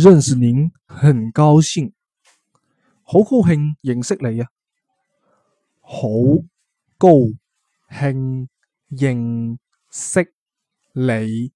認識您，很高興，好高興認識你啊，好高興認識你。